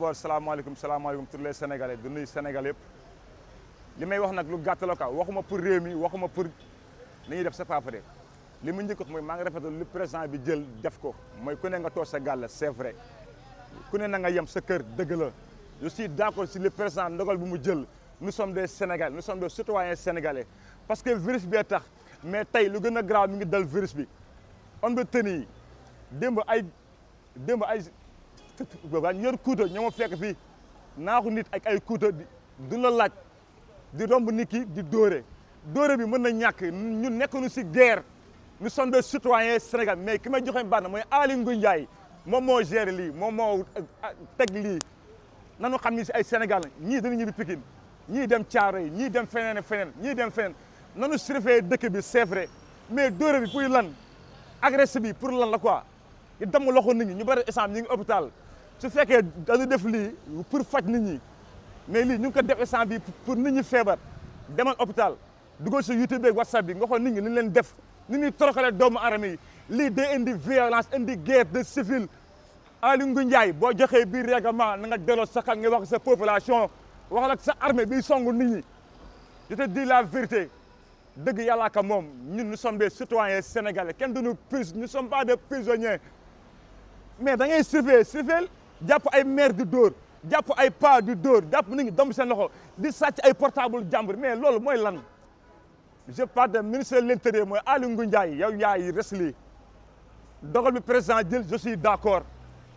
d'abord salaamaaleykum salaamaaleykum tous les sénégalais du nuyu Sénégal yëpp li may wax nag lu gàttalooka la quoi waxuma pour réew mi waxuma pour ni ñuy def sa paapare li mu njëkk mooy maa ngi rafetlu li présent bi jël def ko mooy ku ne nga toog sa gàll c'est vrai ku ne na nga yem sa kër dëgg la je d'accord si le président ndogal bi mu jël nous sommes des sénégalais nous sommes des citoyens sénégalais parce que virus bee tax mais tey lu gën a grave mi ngi dal virus bi on ba waaye yor kuuta ñoo ma fekk fii naaxu nit ak ay kuuta du la laaj di romb nit ki di dóore dóore bi mën na ñàkk ñun nekkuñu si guerre nous sommes des citoyens Sénégal mais ki may joxe bànn mooy Aly Ngouille Ndiaye moom moo gère lii moom moo ah, teg lii nanu xam ni si ay Sénégal ñii dañu ñibbi Pikine ñii dem Thiaroye ñii dem feneen feneen ñii dem feneen nanu surveiller dëkk bi c'est vrai mais dóore bi pour lan agressé bi pour lan la quoi i damm loxo loo ñi ñu bari instant ñi ngi hôpital su fekkee dañu def lii pour faj nit ñi mais lii ñu ngi ko def instant bi pour nit ñi feebar demal hôpital dugal sa YouTube ak WhatsApp bi nga xool nit ñi ni leen def ni ñuy toroxalee doomu aadama yi lii day indi violence indi guerre de civil Aly Ngouille Ndiaye boo joxee biir règlement na nga delloo sa xel nga wax sa population waxal ak sa armée bi songu nit ñi di la vérité dëgg yàllaa ka moom ñun nous sommes des citoyens sénégalais kenn duñu prise nous sommes pas des prisonniers mais da ngay surveiller surveiller jàpp ay mair di dóor jàpp ay pa di dóor jàpp nit ñi domb seen loxo di sàcc ay portable jàmbur mais loolu mooy lan je parle de ministre de mooy Aly Ngouille Ndiaye yow yaay res lii dogal bi président jël je suis d'accord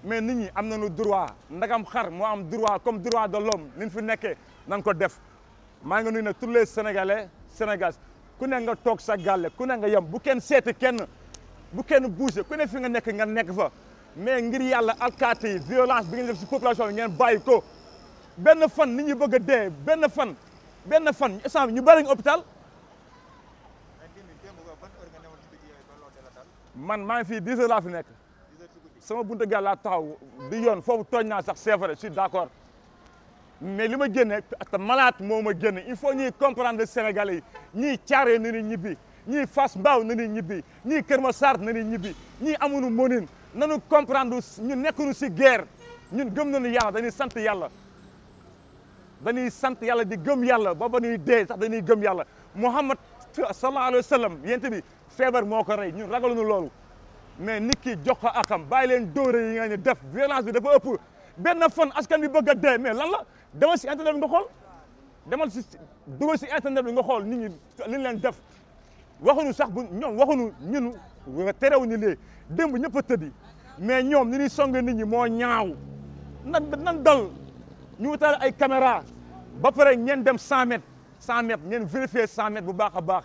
mais nit ñi am nañu droit ndagam xar moo am droit comme droit de l'homme ni fi nekkee na nga ko def maa ngi nuyu nag tous les sénégal ku ne nga toog sa gàlle ku ne nga yem bu kenn seeti kenn bu kenn bougé ku ne fi nga nekk nga nekk fa mais ngir yàlla alkaati yi violence bi ngeen def si population ngeen baayi ko benn fan nit ñi bëgg a dee benn fan benn fan instant bi ñu bëri ñu hôpital man maa ngi fii 10 laa fi nekk sama buntu gaal laa taxaw di yoon foofu tooñ naa sax c'est vrai je suis d'accord mais li ma génne te malaat moo ma génne il faut ñuy comprendre Sénégalais yi ñii caaree ni ñibbi ñii fas Mbao na ni ñibbi ñii Kër Massar na ni ñibbi ñii amuñu monin nanu comprendre ñu nekkuñu si guerre ñun gëm nañu yàlla dañuy sant yàlla dañuy sant yàlla di gëm yàlla ba ba dee sax dañuy gëm yàlla Muhammad sallallahu alayhi wa sallam yent bi feebar moo ko rey ñun ragaluñu loolu mais nit ki jox ko akam bàyyi leen dóore yi nga ñu def violence bi dafa ëpp benn fan askan bi bëgg a dee mais lan la demal si internet bi nga xool demal si dugal si internet bi nga xool nit ñi li ñu leen def waxuñu sax bu ñoom waxuñu terewuñu lee démb ñëpp a tëddi mais ñoom ni ñuy song nit ñi moo ñaaw nan nan dal ñu wutal ay caméra ba pare ngeen dem 100 mètres 100 mètres ngeen vérifier 100 bu baax a baax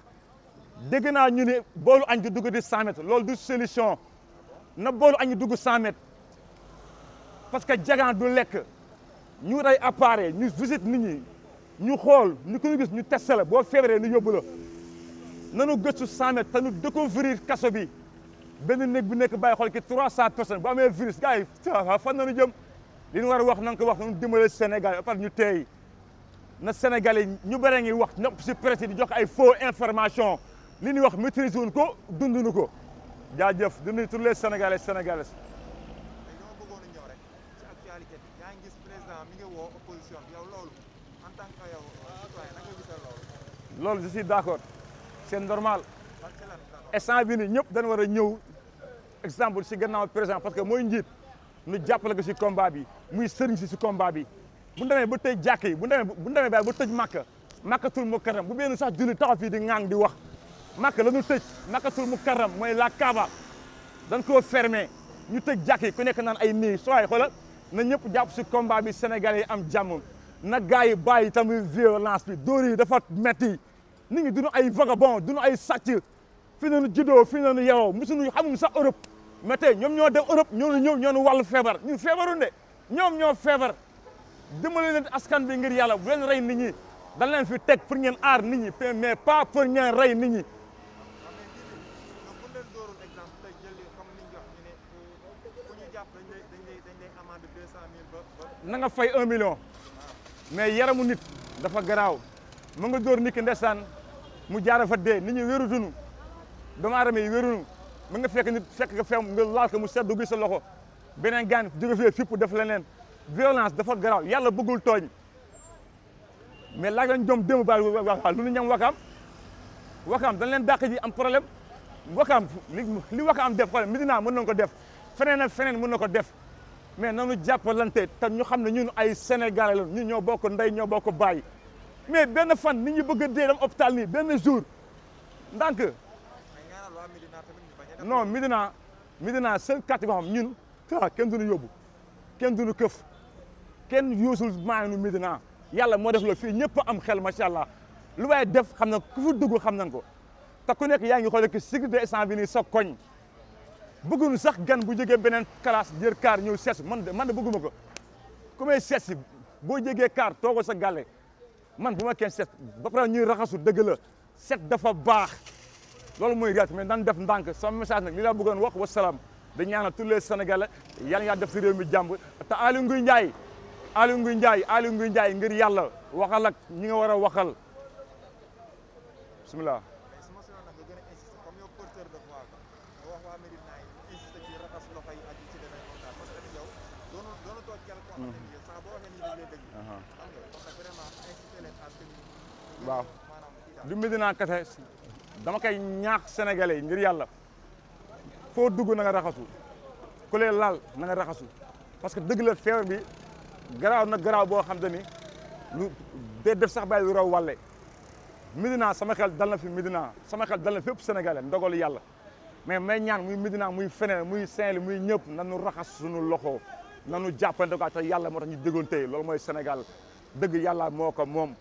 dégg naa ñu ne boolu añ di dugg di 100 mètres loolu du solution na boolu añ dugg 100 mètres parce que jagaan du lekk ñu wut ay appareil ñu visite nit ñi ñu xool ñu ko gis ñu testé la boo feebaree ñu yóbbu la. nanu gëstu 100 mètres te nu découvrir kaso bi benn néeg bu nekk bàyyi xool ki 300 personnes bu amee virus gars fan nanu jëm li ñu war a wax na ko wax nanu dimbale Sénégal ba pare ñu teey na Sénégalais ñu bare ngi wax nopp si presse di jox ay faux information li ñuy wax maîtriser wuñ ko dunduñu ko jaajëf di nuyu tous les Sénégalais Sénégalaises. loolu je suis c'est normal instant bi nii ñëpp dañu war a ñëw exemple si gannaaw président parce que mooy njiit nu jàppale ko si combat bi muy sëriñ si si combat bi bu demee ba tëj jàkk bu demee bu demee ba tëj màkka màkkatul mu karam bu benn sax julli taxaw fii di ŋaang di wax màkka la ñu tëj màkkatul mu karam mooy la Kaaba dañ koo fermé ñu tëj jàkk yi ku nekk naan ay nii sooy xoolal na ñëpp jàpp si combat bi Sénégalais yi am jàmm na gars yi bàyyi tamit violence bi dafa metti nit ñi ay vagabond duñu ay sàcc fii nañu juddoo fii nañu yaroo musuñu xamuñu sax Europe mais tey ñoom ñoo dem Europe ñoo ñëw ñoo ñu wàllu feebar ñu feebaru de ñoom ñoo feebar dimbali leen askan bi ngir yàlla bu leen rey nit ñi dañ leen fi teg pour ngeen aar nit ñi mais pas pour ngeen rey nit ñi. na nga fay un million mais yaramu nit dafa garaaw mu nga dóor nit ki mu jaara fa dee ñu ñi wérutunu doomu aadama yi wérunu mën nga fekk nit fekk nga fem nga laal ko mu seddu gi sa loxo beneen gaan jóge fee fipp def leneen violence dafa garaaw yàlla bëggul tooñ mais laaj lañ doom démb baal waa lu ñu ñam wakaam wakaam dañ leen dàq ji am problème wakaam li li wakaam def problème Medina mën nañ ko def feneen ak feneen mën na ko def mais nanu jàppalante te ñu xam ne ñun ay Sénégalais la ñun ñoo bokk ndey ñoo bokk baay mais benn fan nit ñi bëgg a dee dem hôpital nii benn jour ndànk non Médina Médina seen kàtt boo xam ñun ah kenn duñu yóbbu kenn duñu këf kenn yóosul maanu Médina yàlla moo def loolu fi ñëpp am xel macha allah lu waaye def xam na ku fu dugg xam nañ ko te ku nekk yaa ngi xool que sécurité instant bi nii sa koñ bëgguñu sax gan bu jógee beneen classe jër kaar ñëw sees man de man de bëgguma ko ku may sees boo jégee kaar toogo sa gàlle man bu ma kenn set ba pare ñuy raxasu set dafa baax loolu mooy réalité mais nan def ndànk sama message nag li laa bëggoon wax wasalaam da ñaanal tous les sénégalais yàlla yaa def si réew mi jàmm te Aliou nguy Ndiaye Aliou Ngouye Ndiaye Aliou Ngouye Ndiaye ngir yàlla waxal ak ñi nga war a waxal bisimilah. mm waaw du Médina kese dama koy ñaax sénégalais yi ngir yàlla foo dugg na nga raxasu ku lee laal na raxasu parce que dëgg la feebar bi garaaw na garaaw boo xam te ni lu def sax ba lu raw wàlle sama xel dal na fi Médina sama xel dal na fépp sénégalais ndogalu yàlla mais may ñaan muy Médina muy feneen muy Saint-Louis muy ñëpp nañu raxas suñu loxo nanu jàppante ko te yàlla moo tax ñu déggoon tey mooy Sénégal dëgg yàlla moo ko moom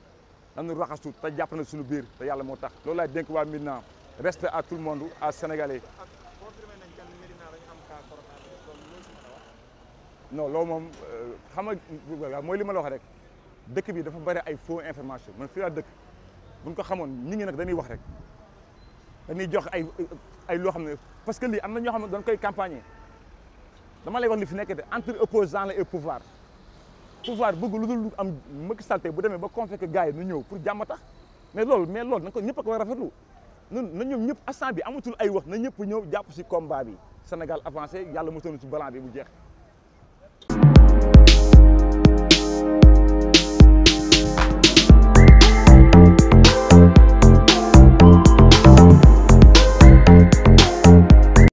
nanu raxasu te jàppante suñu biir te yàlla moo tax loolu laay dénk waa Médina respect à tout le monde à Sénégalais. loo loolu moom euh, xam nga mooy li ma la wax rek dëkk bi dafa bëri ay foo information man fii laa dëkk buñ ko xamoon ñi ngi nag dañuy wax rek dañuy jox ay ay loo xam ne parce que lii am na ñoo xam ne dañ koy campagner. dama lay wax li fi nekk de entre opposant la et pouvoir pouvoir bëgg lu dul am Macky Sall bu demee ba convoqué gars yi nu ñëw pour jàmm tax mais loolu mais loolu na ko ñëpp a ko war a rafetlu ñun na ñoom ñëpp instant bi amatul ay wax na ñëpp ñëw jàpp si combat bi Sénégal avancé yàlla mosanu ci balan bi bu jeex